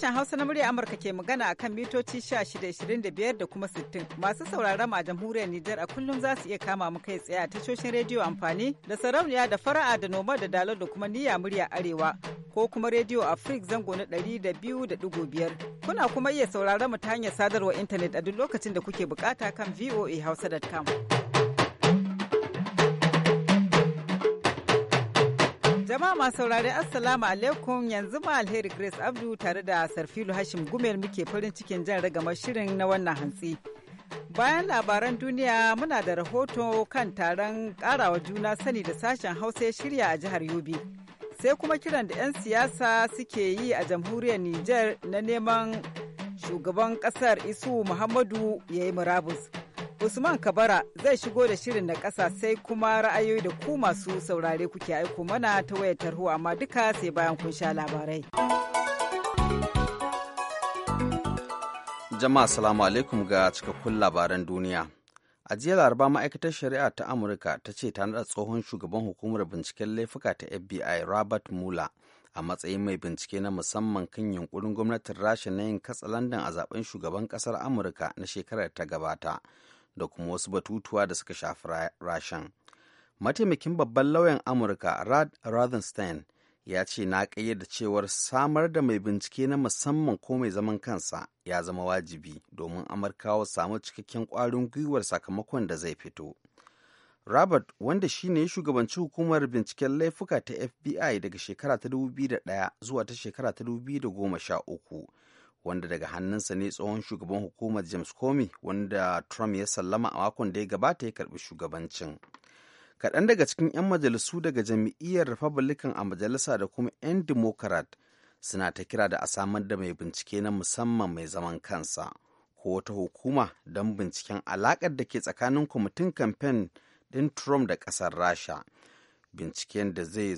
Sashen Hausa na murya Amurka ke magana a kan mitoci 1625 da kuma 60. Masu sauraron a jamhuriyar Nijar a kullum za su iya kama mu kai tsaye a tashoshin rediyo amfani da sarauniya da fara'a da noma da dalo da kuma niyya murya arewa ko kuma rediyo Afrik zango na 200.5. Kuna kuma iya sauraron mu ta hanyar sadarwar intanet a duk lokacin da kuke bukata kan voa voahausa.com. Jama'a masu saurari Assalamu alaikum yanzu ma alheri Grace Abdu tare da Sarfilu Hashim Gumel muke farin cikin jan ragamar shirin na wannan hantsi. Bayan labaran duniya muna da rahoto kan taron karawa juna sani da sashen Hausa ya shirya a jihar Yobe. Sai kuma kiran da 'yan siyasa suke yi a jamhuriyar niger na neman shugaban kasar Isu Muhammadu ya yi murabus. Usman Kabara zai shigo da shirin na ƙasa sai kuma ra'ayoyi da ku masu saurare kuke aiko mana ta wayar tarho amma duka sai bayan kun sha labarai. Jama'a salamu alaikum ga cikakkun labaran duniya. A jiya laraba ma'aikatar shari'a ta Amurka ta ce ta naɗa tsohon shugaban hukumar binciken laifuka ta FBI Robert Mueller a matsayin mai bincike na musamman kan yunkurin gwamnatin rasha na yin katsalandan a zaben shugaban kasar amurka na shekarar ta gabata da kuma wasu batutuwa da suka shafi rashan mataimakin babban lauyan amurka rad rothenstein ya ce na ƙayyade cewar samar da mai bincike na musamman ko mai zaman kansa ya zama wajibi domin amurkawa samu cikakken ƙwarin gwiwar sakamakon da zai fito robert wanda shine shugabanci hukumar binciken laifuka ta fbi daga shekara ta 2001 zuwa ta shekara ta 2013 wanda daga hannunsa ne tsohon shugaban hukumar james comey wanda trump ya sallama a makon da ya gabata ya karbi shugabancin kaɗan daga cikin 'yan majalisu daga jam'iyyar republican a majalisa da kuma 'yan democrat suna ta kira da a samar da mai bincike na musamman mai zaman kansa ko wata hukuma don binciken alaƙar da ke tsakanin kwamitin kamfen ɗin trump da ƙasar rasha binciken da zai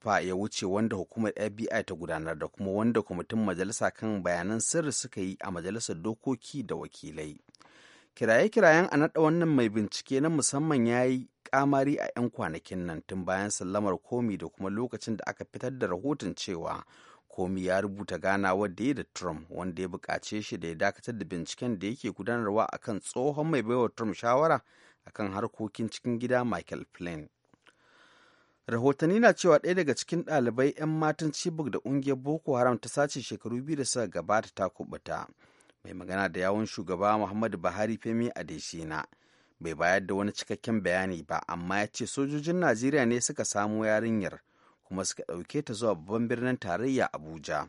fa ya wuce wanda hukumar FBI ta gudanar da kuma wanda kwamitin majalisa kan bayanan sirri suka yi a majalisar dokoki da wakilai. Kiraye-kirayen a naɗa wannan mai bincike na musamman ya yi kamari a 'yan kwanakin nan tun bayan sallamar komi da kuma lokacin da aka fitar da rahoton cewa komi ya rubuta gana da ya da Trump wanda ya buƙace shi da ya dakatar da binciken da yake gudanarwa akan tsohon mai baiwa Trump shawara akan harkokin cikin gida Michael Flynn. rahotanni na cewa ɗaya daga cikin ɗalibai 'yan matan cibok da ƙungiyar boko haram ta sace shekaru biyu da suka gabata ta kubuta mai magana da yawon shugaba muhammadu buhari femi adesina bai bayar da wani cikakken bayani ba amma ya ce sojojin najeriya ne suka samo yarinyar kuma suka ɗauke ta zuwa babban birnin tarayya abuja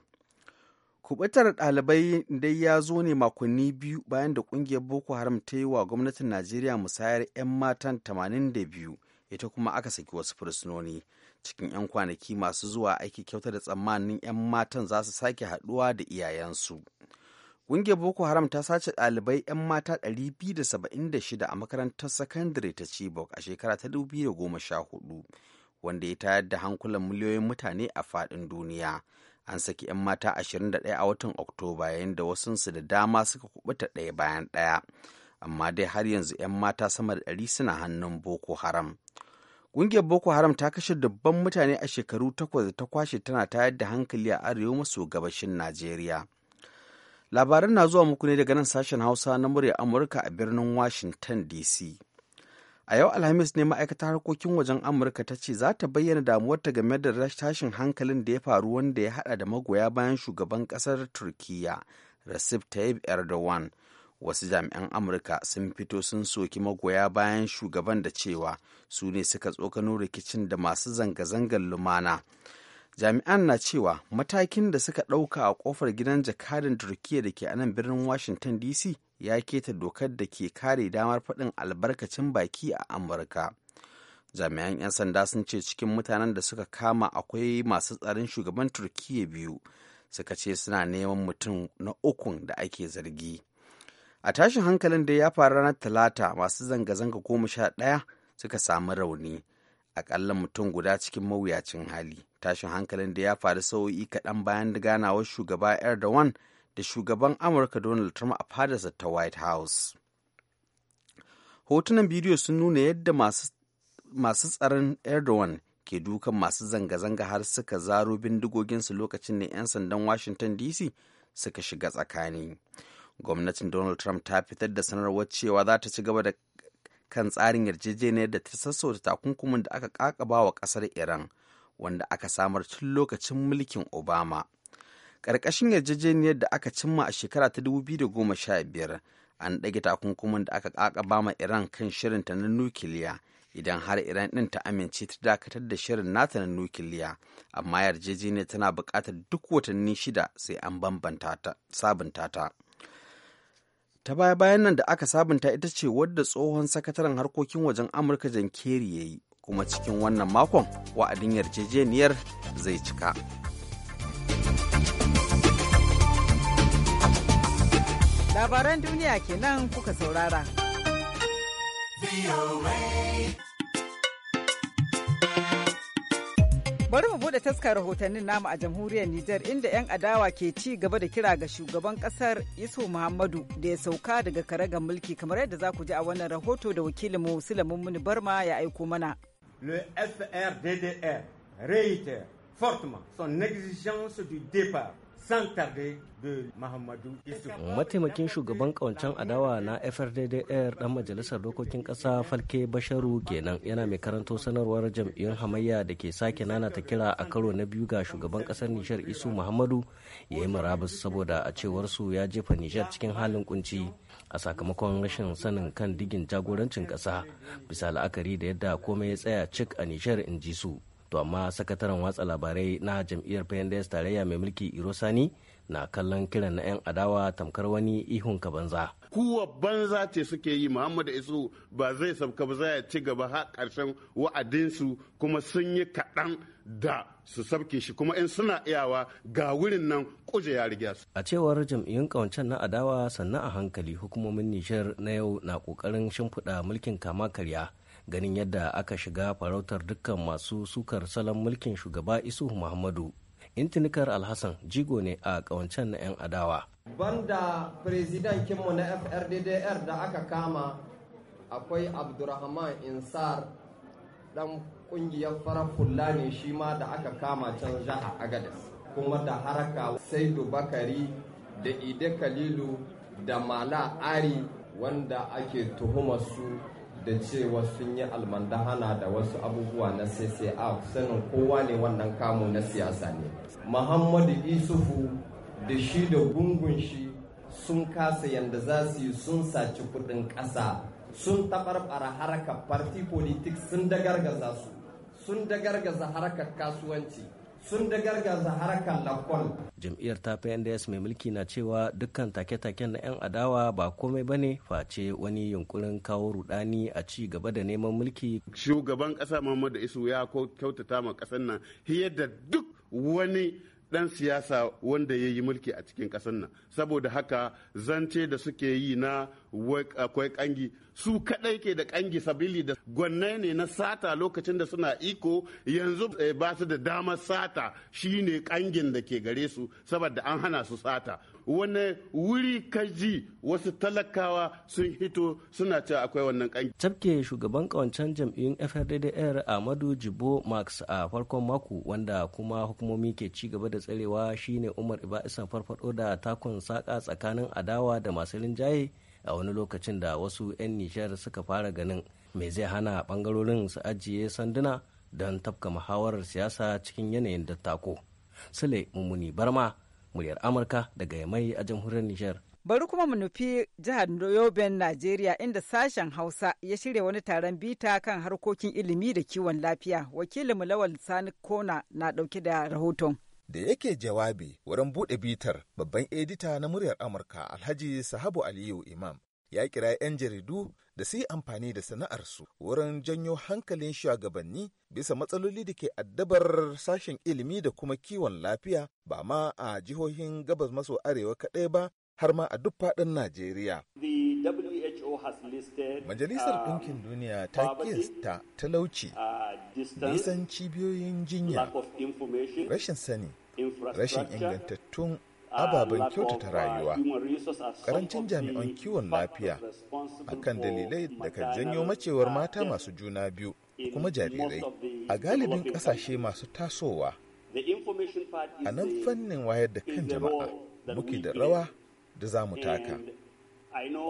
kubutar ɗalibai dai ya zo ne makonni biyu bayan da ƙungiyar boko haram ta yi wa gwamnatin najeriya musayar 'yan matan 82 ita kuma aka saki wasu fursunoni cikin 'yan kwanaki masu zuwa aiki kyauta da tsammanin 'yan matan za su sake haɗuwa da iyayensu ƙungiyar boko haram ta sace ɗalibai 'yan mata 276 a makarantar sakandare ta chibok a shekara ta 2014 wanda ya tayar da hankulan miliyoyin mutane a faɗin duniya an saki 'yan mata 21 a watan oktoba yayin da wasunsu da dama suka kubuta ɗaya bayan ɗaya amma dai har yanzu 'yan mata sama da ɗari suna hannun boko haram Ƙungiyar Boko Haram ta kashe dubban mutane a shekaru takwas da ta kwashe tana tayar da hankali a arewa maso gabashin Najeriya. Labaran na zuwa muku ne daga nan sashen Hausa na murya Amurka a birnin Washington DC. A yau Alhamis ne ma'aikatar harkokin wajen Amurka ta ce za ta bayyana damuwarta game da tashin hankalin da ya faru wanda ya haɗa da magoya bayan shugaban ƙasar Turkiyya Recep Tayyip Erdogan wasu jami'an amurka sun fito sun soki magoya bayan shugaban da cewa su ne suka tsokano rikicin da masu zanga-zangar lumana jami'an na cewa matakin da suka ɗauka a ƙofar gidan jakadin turkiyya da ke anan birnin washington dc ya keta dokar da ke kare damar faɗin albarkacin baki a amurka jami'an 'yan sanda sun ce cikin mutanen da suka kama akwai masu tsarin shugaban turkiyya biyu suka ce suna neman mutum na ukun da ake zargi. a tashin hankalin da ya faru ranar talata masu zanga-zanga goma sha ɗaya suka samu rauni akalla mutum guda cikin mawuyacin hali tashin hankalin da ya faru sau'i kaɗan bayan da ganawar shugaba erdogan da shugaban amurka donald trump a fadarsa ta white house hotunan bidiyo sun nuna yadda masu tsaron erdogan ke dukan masu zanga-zanga har suka zaro bindigoginsu lokacin da 'yan sandan washington dc suka shiga tsakani gwamnatin donald trump ta fitar da sanarwar cewa za ta ci gaba da kan tsarin yarjejeniyar da ta sassauta takunkumin da aka kakaba wa kasar iran wanda aka samar tun lokacin mulkin obama ƙarƙashin yarjejeniyar da aka cimma a shekara ta 2015 an ɗage takunkumin da aka kakaba ma iran kan shirinta na nukiliya idan har iran ɗin ta amince ta dakatar da shirin nata na nukiliya amma yarjejeniyar tana buƙatar duk watanni shida sai an bambanta sabunta ta ta baya bayan nan da aka sabunta ita ce wadda tsohon sakataren harkokin wajen amurka jan kerry ya yi kuma cikin wannan makon wa'adin yarjejeniyar zai cika labaran duniya kenan kuka saurara. Bari mu bude taskar rahotannin namu a jamhuriyar Nijar inda 'yan adawa ke ci gaba da kira ga shugaban kasar Isu Muhammadu da ya sauka daga karagar mulki kamar yadda za ku ji a wannan rahoto da wakilin Sulaiman Muni Barma ya aiko mana. Le FRDDR réitère fortement son exigence du départ san tarde de Mahamadou Mataimakin shugaban ƙawancen adawa na FRDDR dan majalisar dokokin kasa Falke Basharu kenan yana mai karanto sanarwar jam'iyyun hamayya da ke sake nana ta kira a karo na biyu ga shugaban kasar Nijar Isu Muhammadu ya yi murabus saboda a cewar su ya jefa Nijar cikin halin kunci a sakamakon rashin sanin kan digin jagorancin kasa bisa la'akari da yadda komai ya tsaya cik a Nijar in ji su. to amma sakataren watsa labarai na jam'iyyar pnds tarayya mai mulki irosani na kallon kiran na 'yan adawa tamkar wani ihun ka banza kuwa banza ce suke yi muhammadu isu ba zai sabka ba ya ci gaba har karshen wa'adinsu kuma sun yi kaɗan da su sabke shi kuma in suna iyawa ga wurin nan kuje ya riga su a cewar jam'iyyun kawancen na adawa sannan a hankali hukumomin nishar na yau na kokarin shimfiɗa mulkin kama karya ganin yadda aka shiga farautar dukkan masu sukar salon mulkin shugaba Isu muhammadu intinikar alhassan jigo ne a kawancen na 'yan adawa banda firizidan kinmu na frddr da aka kama akwai abdurrahman insar dan kungiyar farar hula ne shi ma da aka kama can a agadas kuma da haraka saidu bakari da ide kalilu da mala ari wanda ake tuhumar su da cewa sun yi almandahana da wasu abubuwa na CCR sanin kowa ne wannan kamu na siyasa ne. Muhammadu Isufu da shi da gungun shi sun kasa yadda za su yi sun saci kudin ƙasa sun tabarbara harkar party politics sun dagargaza su sun dagargaza harkar kasuwanci sun da dagargaza harkar lakwal. jam'iyyar ta pnds mai mulki na cewa dukkan take-taken na 'yan adawa ba komai ba ne face wani yunkurin kawo rudani a ci gaba da neman mulki shugaban kasa muhammadu isu ya kyautata ma kasan nan da duk wani dan siyasa wanda ya yi mulki a cikin kasan nan saboda haka zance da suke yi na akwai kangi su kadai ke da kangi sabili da gwanne ne na sata lokacin da suna iko yanzu eh, ba su da damar sata shine kangin da ke gare su saboda an hana su sata wani wuri kaji wasu talakawa sun hito suna cewa akwai wannan kangi tafke shugaban kawancen jam'iyyun FRDDR Amadu Jibo Max a farkon mako wanda kuma hukumomi ke ci gaba da tsarewa shine Umar Iba Isan farfado da takon saƙa tsakanin adawa da masu rinjaye a wani lokacin da wasu 'yan nishar suka fara ganin me zai hana bangarorin su ajiye sanduna don tafka muhawarar siyasa cikin yanayin dattako. Sule Mummuni Barma, muryar Amurka daga Yamai a jamhuriyar Nijar. Bari kuma mu nufi jihar Yoben, Najeriya inda sashen Hausa ya shirya wani taron bita kan harkokin ilimi da kiwon lafiya. wakilin Lawal Sani Kona na dauke da rahoton. da yake jawabi wurin buɗe bitar babban edita na muryar Amurka Alhaji Sahabu Aliyu Imam ya kira 'yan jaridu da su yi amfani da sana'arsu wurin janyo hankalin shugabanni bisa matsaloli da ke addabar sashen ilimi da kuma kiwon lafiya ba ma a jihohin gabas maso arewa kaɗai ba har ma a duk faɗin Najeriya. E Majalisar um, Ɗinkin Duniya ta ta talauci, uh, nisan cibiyoyin jinya, rashin sani, rashin ingantattun uh, ababen kyautata uh, rayuwa, ƙarancin jami'an kiwon lafiya, akan dalilai da kan janyo macewar mata masu juna biyu kuma jarirai. A galibin ƙasashe masu tasowa, a nan fannin wayar da kan jama'a muke da rawa da za mu taka.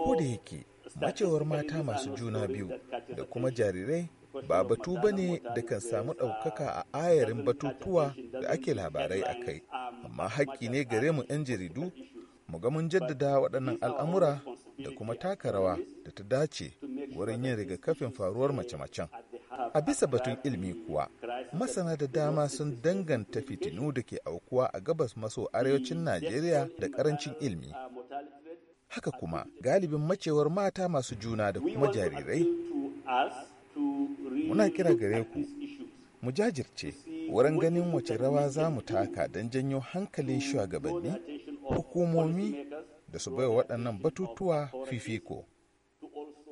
Ko da yake Bacewar mata masu juna biyu da kuma jarirai ba batu ba ne da kan samu ɗaukaka a ayarin batutuwa da ake labarai a kai, amma haƙƙi ne gare mu 'yan jaridu mu ga mun jaddada waɗannan al'amura da kuma taka rawa da ta dace wurin yin rigakafin faruwar mace-macen. A bisa batun ilmi kuwa, masana da dama sun danganta fitinu da ke aukuwa a gabas maso arewacin Najeriya da ƙarancin ilmi. haka kuma galibin macewar mata masu juna da kuma jarirai muna kira gare ku mu jajirce wurin ganin wace rawa za mu taka don janyo hankalin shugabanni hukumomi da su baiwa waɗannan batutuwa fifiko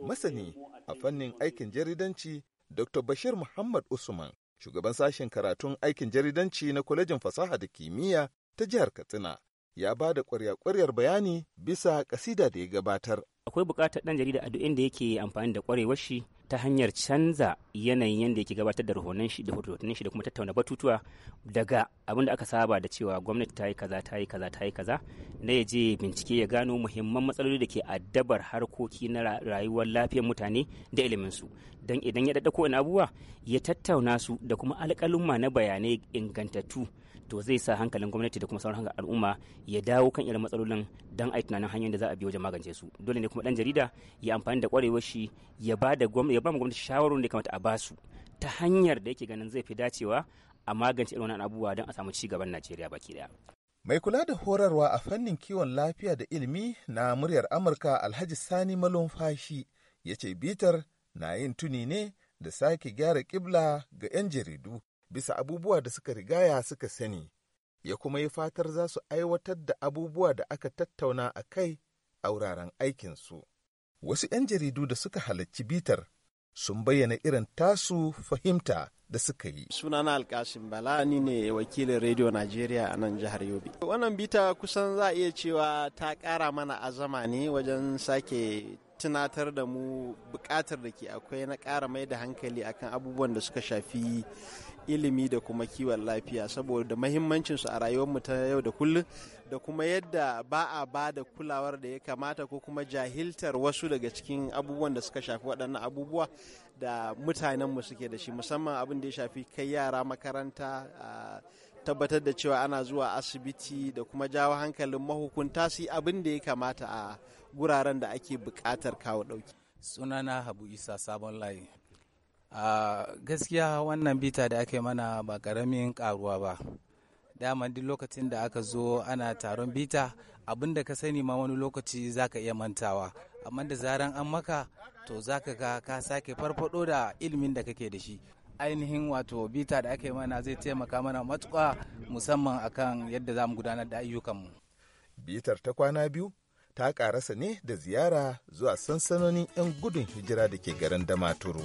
masani a fannin aikin jaridanci dr bashir muhammad usman shugaban sashen karatun aikin jaridanci na kwalejin fasaha da kimiyya ta jihar katsina ya ba da kwarya kwaryar bayani bisa kasida da ya gabatar. Akwai bukatar ɗan jarida a duk inda yake amfani da kwarewar shi ta hanyar canza yanayin yadda yake gabatar da rahonan shi da rahotannin shi da kuma tattauna batutuwa daga abin da aka saba da cewa gwamnati ta yi kaza ta yi kaza ta yi kaza na ya je bincike ya gano muhimman matsaloli da ke addabar harkoki na rayuwar lafiyar mutane da ilimin su don idan ya daddako wani abubuwa ya tattauna su da kuma alƙaluma na bayanai ingantattu to zai sa hankalin gwamnati da kuma sauran al'umma ya dawo kan irin matsalolin dan ai tunanin hanyar da za a bi wajen magance su dole ne kuma dan jarida ya amfani da kwarewar shi ya ba da ya ba gwamnati shawarar da kamata a ba su ta hanyar da yake ganin zai fi dacewa a magance irin wannan abubuwa don a samu ci gaban Najeriya baki daya Mai kula da horarwa a fannin kiwon lafiya da ilimi na muryar Amurka Alhaji Sani Malumfashi ya ce bitar na yin tuni ne da sake gyara kibla ga 'yan jaridu bisa abubuwa da suka rigaya suka sani, ya kuma yi fatar za su aiwatar da abubuwa da aka tattauna a kai a wuraren aikinsu. Wasu ‘yan jaridu da suka halarci bitar sun bayyana irin tasu fahimta da suka yi. Sunana Alkasim Bala ni ne wakilin Radio Najeriya a nan jihar Yobe. Wannan bita kusan za a iya cewa ta ƙara mana azama ne wajen sake tunatar da mu bukatar da ke akwai na kara mai da hankali akan abubuwan da suka shafi ilimi da kuma kiwon lafiya saboda mahimmancin su a rayuwar mu ta yau da kullum da kuma yadda ba a ba da kulawar da ya kamata ko kuma jahiltar wasu daga cikin abubuwan da suka shafi waɗannan abubuwa da mutanen mu suke da shi musamman abin da ya shafi kai yara makaranta a tabbatar da cewa ana zuwa asibiti da kuma jawo hankalin mahukunta su abin da ya kamata a guraren da ake buƙatar kawo ɗauki. sunana habu isa sabon layi a gaskiya wannan bita da aka mana ba ƙaramin ƙaruwa ba daman duk lokacin da aka zo ana taron bita abin da ka sani ma wani lokaci zaka iya mantawa amma da zaran an maka to za ka ka sake farfado da ilimin da kake da shi ainihin wato bita da aka mana zai taimaka mana matuƙa musamman akan yadda za mu gudanar da ayyukanmu bitar ta kwana biyu ta karasa ne da ziyara zuwa sansanonin 'yan gudun hijira da ke garin damaturu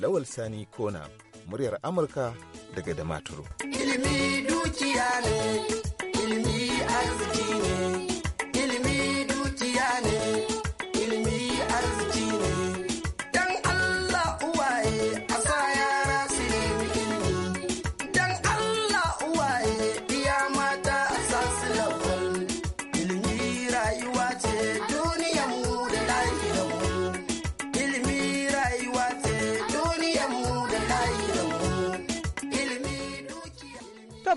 lawal sani kona muryar amurka daga damaturu ilimi dukiya ne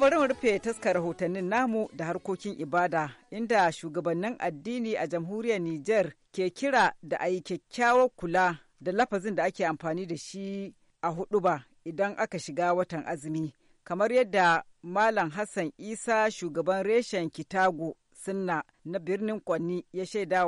bari mu rufe taskar rahotannin namu da harkokin ibada inda shugabannin addini a jamhuriyar Nijar ke kira da a yi kyakkyawar kula da lafazin da ake amfani da shi a huduba idan aka shiga watan azumi kamar yadda Malam Hassan Isa shugaban reshen Kitago Sunna na birnin Kwanni ya shaida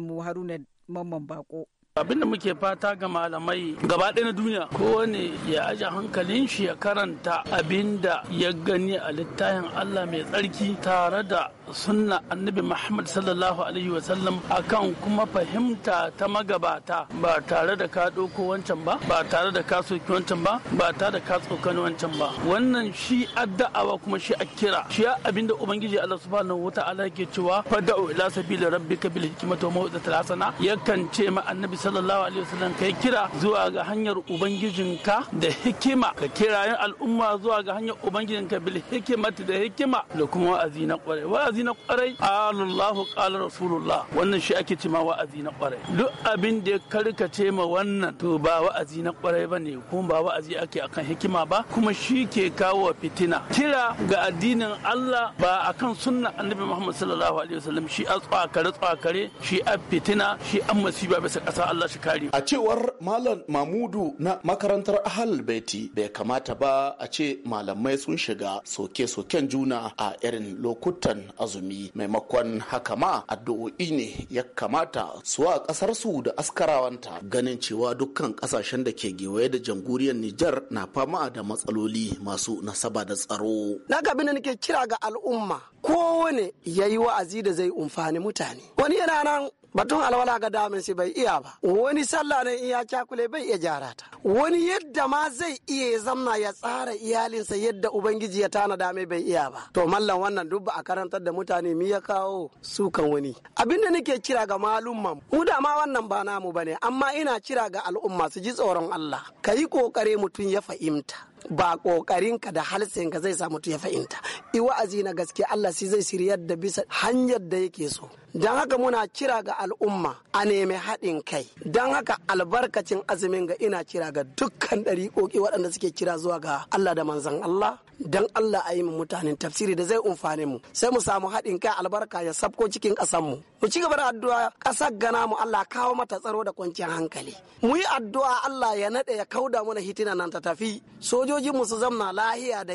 mu Haruna Mamman Bako. abin da muke fata ga malamai gaba na duniya kowane ya aje hankalin shi ya karanta abin da ya gani a littafin Allah mai tsarki tare da sunna annabi Muhammad sallallahu alaihi wasallam akan kuma fahimta ta magabata ba tare da ka wancan ba ba tare da ka soki wancan ba ba tare da ka tsokani wancan ba wannan shi adda'a kuma shi a kira shi abin da ubangiji Allah subhanahu wata'ala ke cewa fada'u ila sabili rabbika bil hikmati wa mau'izatil hasana yakan ce ma annabi sallallahu alaihi wasallam kai kira zuwa ga hanyar ubangijinka da hikima ka kirayen al'umma zuwa ga hanyar ubangijinka bil hikimati da hikima da kuma wa'azi na kwarai wa'azi na kwarai allahu qala rasulullah wannan shi ake cima wa'azi na kwarai duk abin da ya karkace ma wannan to ba wa'azi na kwarai bane kuma ba wa'azi ake akan hikima ba kuma shi ke kawo fitina kira ga addinin Allah ba akan sunna annabi Muhammad sallallahu alaihi wasallam shi a tsakare tsakare shi a fitina shi a masiba bisa kasa Allah shi kare a cewar malam mamudu na makarantar ahal baiti bai kamata ba a ce malamai sun shiga soke-soken juna a irin lokutan azumi maimakon haka ma addu'o'i ne ya kamata su a kasar su da askarawanta ganin cewa dukkan kasashen da ke gewaye da jamhuriyar Nijar na fama da matsaloli masu nasaba da tsaro. Na na da nake kira ga al'umma kowane ya yi wa'azi da zai umfani mutane. Wani yana nan batun alwala ga damin shi bai iya ba wani sallah ne in ya cakule bai iya gyara ta wani yadda ma zai iya ya zamna ya tsara iyalinsa yadda ubangiji ya tana dame bai iya ba to mallan wannan duk ba a karantar da mutane mi ya kawo su kan wani abin da nake kira ga malumman mu da ma wannan ba namu bane amma ina kira ga al'umma su ji tsoron Allah kayi kokare mutum ya fahimta ba kokarinka da halsinka zai samu mutu ya fahimta i wa'azi na gaske Allah shi zai shiryar da bisa hanyar da yake so dan haka muna kira ga al'umma a nemi haɗin kai dan haka albarkacin azumin ga ina kira ga dukkan ɗari ɗariƙoƙi waɗanda suke kira zuwa ga Allah da manzan Allah dan Allah a yi mu mutanen tafsiri da zai umfane mu sai mu samu haɗin kai albarka ya sabko cikin ƙasanmu mu ci gaba da addu'a ƙasar gana mu Allah kawo mata tsaro da kwanciyar hankali mu yi addu'a Allah ya naɗe ya kauda mana hitina nan ta tafi sojo mu su zamna lafiya da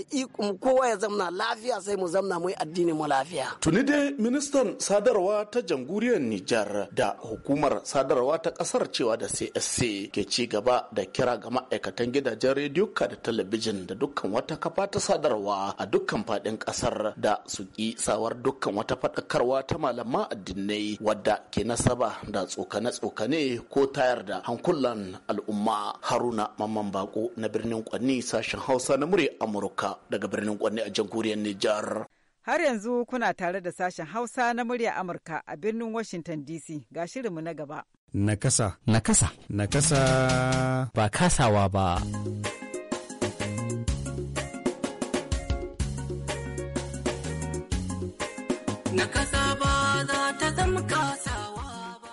kowa ya zamna lafiya sai mu zamna mu yi mu lafiya. Tuni dai ministan sadarwa ta jamhuriyar Nijar da hukumar sadarwa ta kasar cewa da CSC ke ci gaba da kira ga ma'aikatan gidajen rediyo da talabijin da dukkan wata kafa ta sadarwa a dukkan faɗin kasar da su ki sawar dukkan wata faɗakarwa ta malaman addinai wadda ke nasaba da tsokane-tsokane ko tayar da hankulan al'umma haruna mamman bako na birnin kwanni sashen sashen Hausa na murya Amurka daga birnin Kwanne a jamhuriyar Nijar. Har yanzu kuna tare da sashen Hausa na murya Amurka a birnin Washington DC ga shirinmu na gaba. Nakasa. Nakasa. Nakasa. Ba kasawa ba. Nakasa ba.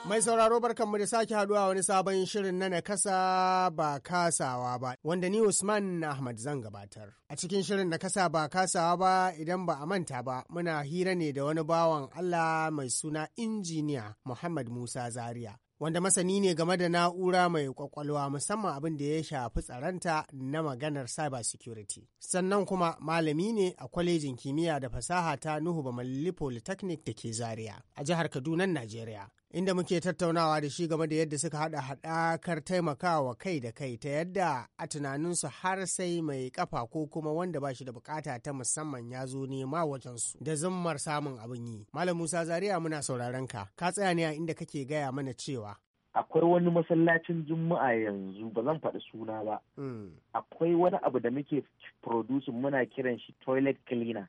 Mai sauraro barkanmu da sake haduwa wani sabon shirin na na kasa ba kasawa ba wanda ni Usman Ahmad zan gabatar. A cikin shirin na kasa ba kasawa ba idan ba a manta ba muna hira ne da wani bawan Allah mai suna injiniya Muhammad Musa Zaria. Wanda masani ne game da na'ura mai kwakwalwa musamman abin da ya shafi tsaranta na maganar cyber security. Sannan kuma malami ne a kwalejin kimiyya da fasaha ta Nuhu Bamalli Polytechnic da ke Zaria a jihar Kaduna, Najeriya. inda muke tattaunawa da shi game da yadda suka haɗa haɗakar taimakawa kai da kai ta yadda a tunaninsu har sai mai kafa ko kuma wanda ba shi da bukata ta musamman ya zo nema wajensu da zummar samun abin yi. Malam Musa Zaria muna sauraron ka, ka tsaya ne a inda kake gaya mana cewa. Akwai wani masallacin Juma'a yanzu ba zan faɗi suna ba. Hmm. Akwai wani abu da muke producing muna kiran shi toilet cleaner.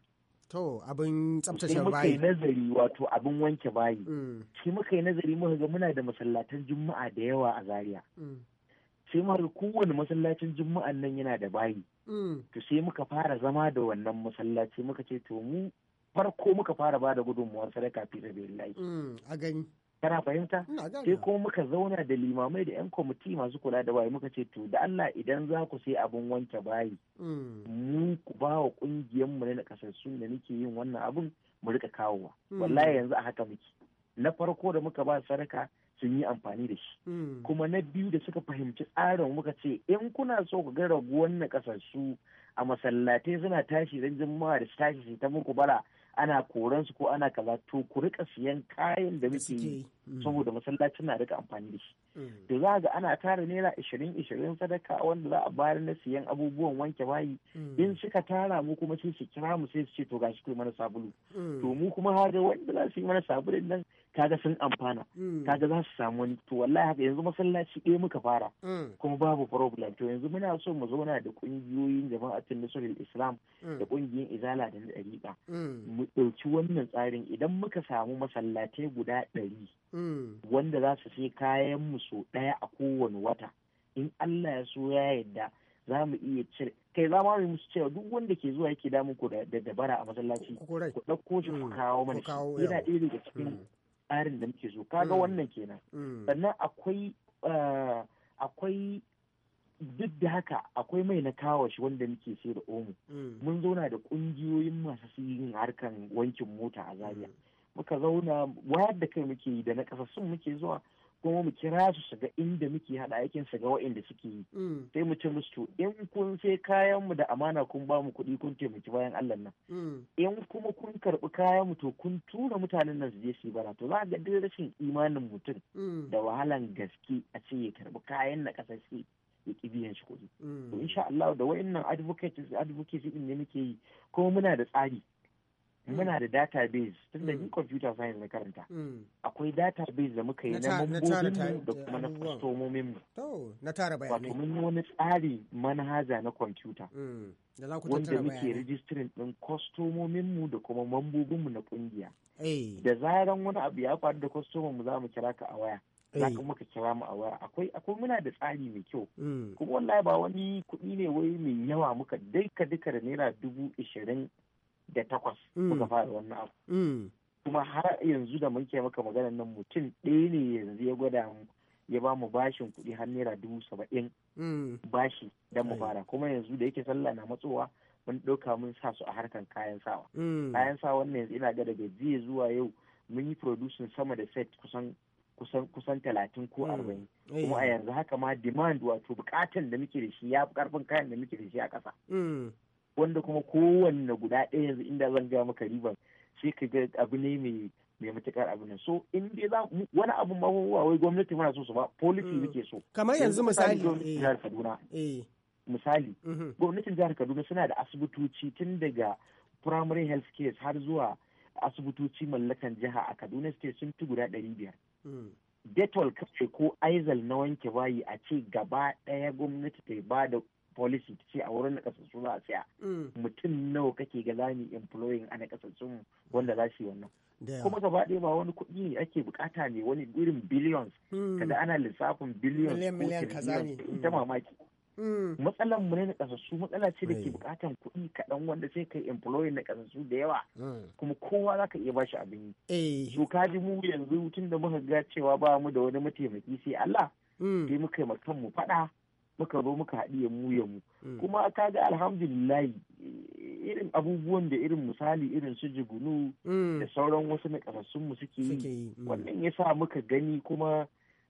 To abin tsabtace bayi. Muka yi nazari wato abin wanke bayi. Mm. Shi muka yi nazari muka ga muna da masallatan juma'a da yawa a Zaria. Mm. Sai muka ga kowane masallacin juma'an nan yana da bayi. Mm. To sai muka fara zama da wannan masallaci muka ce to mu farko muka fara bada da gudunmuwar sadaka fi sabilillahi. A gani. kana fahimta sai kuma muka zauna da limamai da 'yan kwamiti masu kula da waye muka ce to da Allah idan za ku sai abin wanke bayi mm. mu ku ba wa kungiyan mu na kasassun da nake yin wannan abun mu rika kawowa mm. wallahi yanzu a haka muke na farko da muka ba sadaka sun yi amfani da shi mm. kuma na biyu da suka fahimci tsarin muka ce in kuna so ku ga raguwan na kasassu a masallatai suna tashi ran ma da su tashi su ta muku bara ana koran su ko ana kaza to ku rika siyan kayan da muke yi mm. saboda masallacin na rika amfani da shi mm. da za ga ana tara naira ishirin ishirin sadaka wanda za a bayar na siyan abubuwan wanke bayi mm. in suka tara mu kuma sai su kira mu sai su ce to gashi kai mana sabulu to mu kuma haɗa wanda za su yi mana sabulun nan kaga sun amfana mm. kaga za su samu wani to wallahi haka yanzu masallaci ɗaya muka fara mm. kuma babu problem to yanzu muna so mu zauna da ƙungiyoyin jama'atun nasarar islam mm. da ƙungiyoyin izala da na ɗariƙa mu ɗauki wannan tsarin idan muka samu masallatai guda ɗari wanda za su sai kayan mu so ɗaya a kowane wata in Allah ya so ya yarda za mu iya cire kai za mu musu cewa duk wanda ke zuwa yake damun ku da dabara a masallaci ku ɗauko shi ku kawo mana shi yana ɗaya daga cikin tsarin da muke so kaga mm. wannan kenan mm. sannan akwai uh, akwai duk da haka akwai mai na kawashi wanda muke sai da omo mm. mun zauna da kungiyoyin masu yin harkan wankin mota a zaria muka zauna wayar da kai muke yi da na sun muke zuwa kuma mu kira su su ga inda muke haɗa aikin su ga waɗanda suke yi mm. sai mu ce musu in kun sai kayan mu da amana kun ba mu kuɗi kun taimaki bayan Allah nan mm. in kuma kun karɓi kayan mu to kun tura mutanen nan su je su bara to za ga duk rashin imanin mutum mm. da wahalan gaske a ce ya karɓi kayan na ƙasashe ya ƙi biyan shi kuɗi to insha Allah da waɗannan advocates advocates din ne muke yi kuma muna da tsari Mm. muna da database tun da ni mm. computer science na karanta mm. akwai database da muka yi na mambobinmu da kuma na kwastomominmu wato mun yi wani tsari manhaja na computer. wanda muke rijistirin ɗin kwastomominmu da kuma mambobinmu na kungiya. da zaran wani abu ya faru da mu za mu kira ka a waya za ka muka kira mu a waya akwai akwai muna da tsari mai kyau kuma wallahi ba wani kuɗi ne wai mai yawa muka dai duka da naira dubu ishirin da takwas mm. muka fara wannan abu mm. kuma har yanzu da muke maka maganar nan mutum ɗaya ne yanzu ya gwada mu ya ba mu bashin kuɗi har naira dubu saba'in mm. bashi don mu fara kuma yanzu da yake sallah na matsowa mun ɗauka mun sa su a harkan kayan sawa kayan sawa wannan yanzu ina ga daga jiya zuwa yau mun yi producing sama da set kusan kusan kusan talatin ko arba'in kuma a yanzu haka ma demand wato bukatan da muke da shi ya karfin kayan da muke da shi a kasa. wanda kuma kowanne guda ɗaya yanzu inda zan ga maka riban sai ka ga abu ne mai mai matukar abu ne so in dai za wani abu ma wai gwamnati muna so su ba policy mm. muke so kamar yanzu misali eh, jihar Kaduna eh. misali mm-hmm. gwamnatin jihar Kaduna suna da asibitoci tun daga primary health care har zuwa asibitoci mallakan jiha a Kaduna state sun fi guda ɗari biyar mm. detol kace ko aizal na wanke bayi a ce gaba ɗaya gwamnati ta ba da policy ta ce a wurin na a tsaya mm. mutum nawa kake ga zami employing a na wanda za su wannan kuma gaba ɗaya ba wani kuɗi ne ake bukata ne wani irin billions mm. kada ana lissafin billions ko mm. ta mamaki matsalan mu ne na kasassu matsala ce da ke bukatan kuɗi kaɗan wanda sai kai employing na kasassu da yawa kuma kowa za ka iya bashi abin yi eh. to ka ji mu yanzu tun da muka ga cewa ba mu da wani mataimaki sai Allah sai muka yi mu faɗa muka zo muka haɗi ya mu ya mu mm. kuma ka ga alhamdulillahi irin abubuwan da irin misali irin su jigunu mm. da sauran wasu nakasassun mu suke yi mm. wannan ya sa muka gani kuma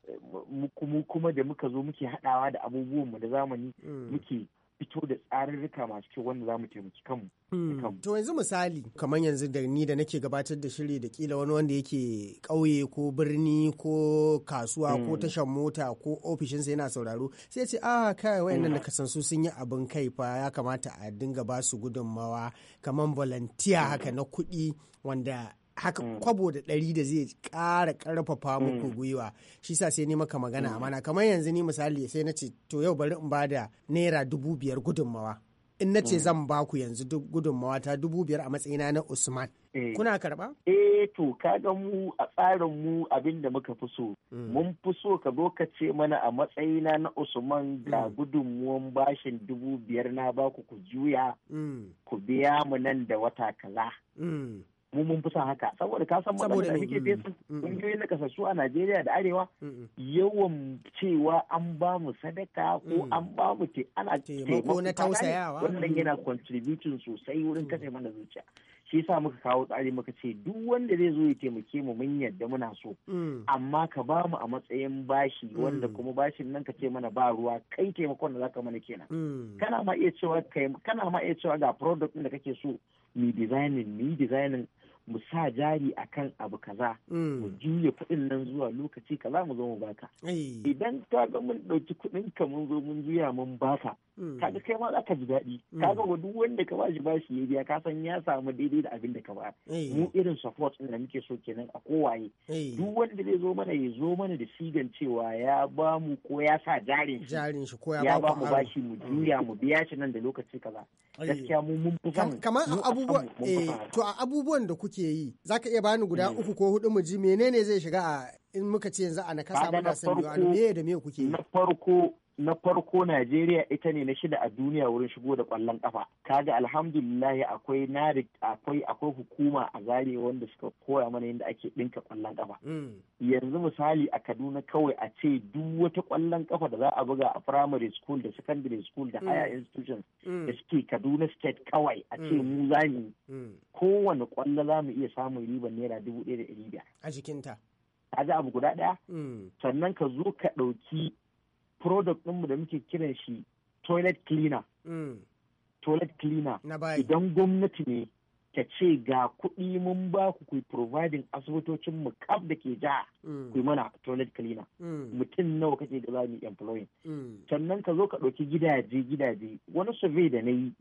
eh, kuma da muka zo muke haɗawa da abubuwan mu da zamani muke fito da tsarirrika masu kyau wanda za mu taimaki hmm. kanmu. To yanzu misali kamar yanzu da ni da nake gabatar da shiri da kila wani wanda yake ƙauye ko birni ko kasuwa ko hmm. tashan mota ko ofishinsa yana sauraro sai ce a ah, kai wayannan da hmm. san su sun yi abin kai fa ya kamata a dinga basu su gudunmawa kamar volunteer haka na kuɗi wanda haka mm. kwabo da ɗari da zai ƙara ƙarfafa mm. muku gwiwa shi sa sai ni maka magana mm. amana kamar yanzu ni misali sai na ce to yau bari in ba da naira dubu biyar gudunmawa in na ce zan ba ku yanzu duk gudunmawa ta dubu biyar a matsayina na Usman. Kuna karɓa? Eh to kaga mu a tsarin mu abin da muka fi so. Mun fi so ka zo ka ce mana a matsayina na Usman ga gudunmuwan bashin dubu biyar na ba ku ku juya ku biya mu nan da wata kala. mu mun fi son haka saboda ka san matsalar da muke mm. fesa kungiyoyin na kasassu a Najeriya da Arewa yawan cewa an ba mu sadaka ko mm. an ba mu ke. ana taimako na tausayawa wannan yana mm. contributing sosai wurin kashe mana zuciya shi yasa muka kawo tsari muka ce duk wanda zai zo ya taimake mu mun yadda muna so amma ka ba mu a matsayin bashi wanda kuma bashin nan ka ce mana ba ruwa kai taimakon da zaka mana kenan kana ma iya cewa kana ma iya cewa ga product din da kake so mi designing mi designing mu sa jari akan abu kaza mu mm. juya kuɗin nan zuwa lokaci kaza mu zo mu baka idan ka ga mun ɗauki kuɗin ka mun zo mun juya mun baka Hmm. kaga kai ma za ka ji daɗi hmm. kaga wa duk wanda ka bashi bashi ya biya ka san ya samu daidai da abin da ka ba mu irin support din da muke so kenan a kowaye duk wanda zai zo mana ya zo mana da sigan cewa ya ba mu ko ya sa jarin shi ko ya ba mu bashi mu juya mu biya shi nan da lokaci kaza gaskiya mu mun fi san kamar abubuwan eh, to a abubuwan da kuke yi zaka iya bani guda uku ko hudu mu ji menene zai shiga a in muka ce yanzu a nakasa mana san me da me kuke yi na farko na farko Najeriya ita ne na shida a duniya wurin shigo da kwallon kafa kaga alhamdulillahi akwai narik akwai akwai hukuma a zare wanda suka koya mana yadda ake dinka kwallon kafa mm. yanzu misali a Kaduna kawai a ce duk wata kwallon kafa da za a buga a primary school da secondary school da mm. higher institutions mm. da suke Kaduna state kawai a ce mu za mu kowane kwallo za mu iya samun ribar naira dubu ɗaya da ɗari biyar a jikinta kaga abu guda ɗaya sannan ka zo ka ɗauki product ɗinmu da muke kiran shi toilet cleaner mm. toilet cleaner idan gwamnati ne ta ce ga kuɗi mun ba ku ku providing asibitocin mu kaf da ke ja mm. ku mana toilet cleaner mm. mutum nawa kake da za mu employing sannan ka zo ka ɗauki gidaje gidaje wani survey da na yi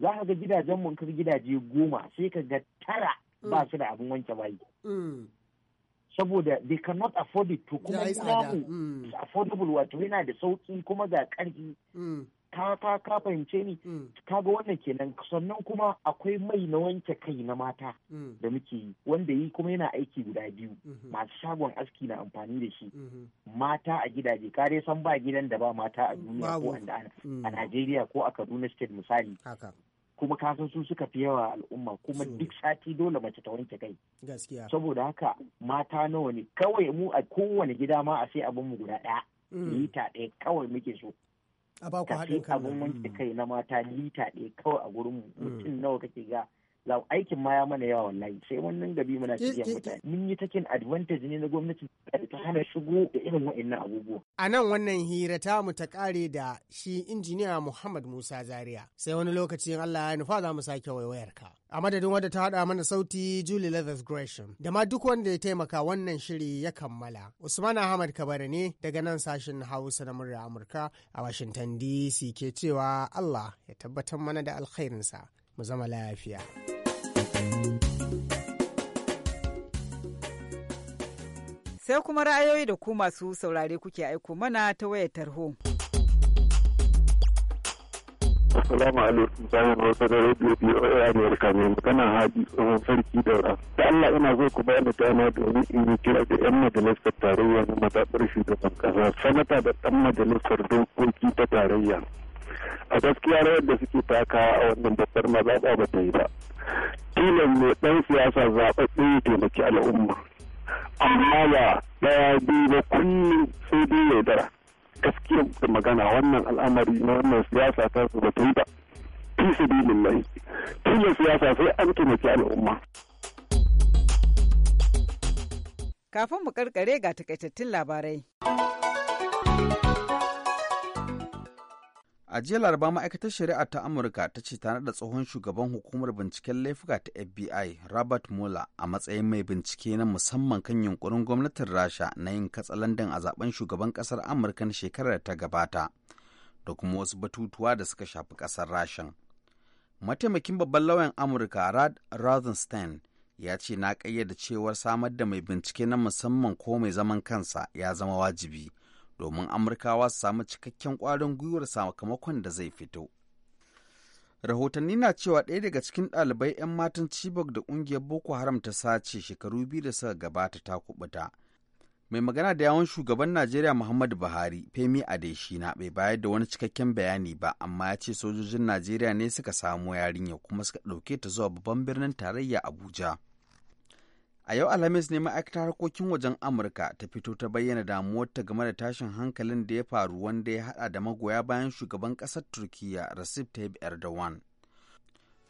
za ka ga gidajen mun ka gidaje goma sai ka ga tara ba su da abin wanke bayi saboda they cannot afford it to kuma namu mm. affordable wato yana da sauki kuma ga ƙarfi mm. ka ka ka fahimce ni mm. ka ga wannan kenan sannan kuma akwai mai na wanke kai na mata da muke yi wanda yi kuma yana aiki guda biyu mm-hmm. masu shagon aski na amfani da shi mm-hmm. mata a gidaje kare san ba gidan da ba mata a duniya ko a Najeriya ko a Kaduna state misali kuma kasan su suka fi yawa al'umma kuma duk sati dole mace ta wanke kai gaskiya saboda haka mata nawa ne kawai mu a kowane gida ma a sai abin mu guda ɗaya mm. lita ɗaya kawai muke so a ba ku haɗin abin wanke mm. kai na mata lita ɗaya kawai a gurin mu mm. mutum nawa kake ga lau aikin ma ya mana yawa wallahi sai wannan gabi muna cikin mutane mun yi takin advantage ne na gwamnati ta hana shigo da irin wa'annan abubuwa a nan wannan hira ta mu ta kare da shi injiniya Muhammad Musa Zaria sai wani lokacin Allah ya nufa za mu sake waiwayar ka a madadin wadda ta hada mana sauti Julie Leathers Gresham da ma duk wanda ya taimaka wannan shiri ya kammala Usman Ahmad Kabare ne daga nan sashin Hausa na murya Amurka a Washington DC ke cewa Allah ya tabbatar mana da alkhairinsa mu zama lafiya. Sai kuma ra'ayoyi da ku masu saurare kuke aiko mana ta waya tarho. Assalamu alaikum samun wasu da radio BOA Amerika mai magana haji tsohon sarki daura. Da Allah ina zo ku bayar da dama domin in yi kira da 'yan majalisar tarayya na mazaɓar shugaban ƙasa, sanata da ɗan majalisar dokoki ta tarayya. A gaskiya rawar da suke takawa a wannan babbar mazaɓa ba ta yi ba. tilan mai ɗan siyasa zaɓaɓɓe ya taimaki al'umma amma ba ɗaya biyu ba kullum sai dai ya dara gaskiya da magana wannan al'amari na wannan siyasa ta su ba ta yi ba fi su bi lillahi siyasa sai an taimaki al'umma. kafin mu karkare ga takaitattun labarai. A jiya laraba ma'aikatar shari'a ta Amurka ta ce tare da tsohon shugaban hukumar binciken laifuka ta FBI Robert Mueller a matsayin mai bincike na musamman kan yunkurin gwamnatin Rasha na yin katsalandan a zaben shugaban kasar Amurka na shekarar ta gabata da kuma wasu batutuwa da suka shafi kasar Rashan. Mataimakin babban lauyan Amurka Rad Rosenstein ya ce na kayyada cewar samar da mai bincike na musamman ko mai zaman kansa ya zama wajibi. domin amurkawa su samu cikakken kwarin gwiwar sakamakon da zai fito rahotanni na cewa ɗaya daga cikin ɗalibai 'yan matan chibok da ƙungiyar boko haram ta sace shekaru biyu da suka gabata ta kubuta mai magana da yawon shugaban najeriya muhammadu buhari femi adeshina bai bayar da wani cikakken bayani ba amma ya ce sojojin najeriya ne suka samo yarinya kuma suka ɗauke ta zuwa babban birnin tarayya abuja A yau Alhamis ne ma'aikatar harkokin wajen Amurka ta fito ta bayyana damuwarta game da tashin hankalin da ya faru wanda ya haɗa da magoya bayan shugaban ƙasar Turkiyya Recep Tayyip Erdogan.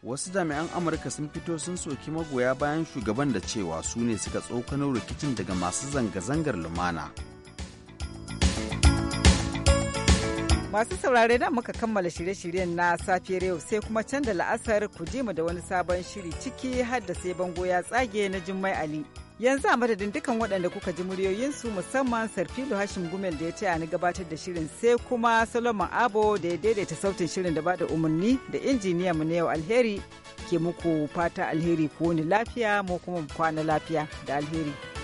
Wasu jami'an Amurka sun fito sun soki magoya bayan shugaban da cewa su ne suka tsokano rikicin daga masu zanga-zangar lumana. Masu saurare da muka kammala shirye-shiryen na safiyar yau sai kuma can da la'asar ku ji mu da wani sabon shiri ciki har da sai bango ya tsage na Jummai Ali. Yanzu a madadin dukan waɗanda kuka ji muryoyinsu musamman Sarfilo Hashim Gumel da ya taya ni gabatar da shirin sai kuma Solomon Abo da ya daidaita sautin shirin da bada umarni da injiniya mu na yau alheri ke muku fata alheri ko ni lafiya mu kuma kwana lafiya da alheri.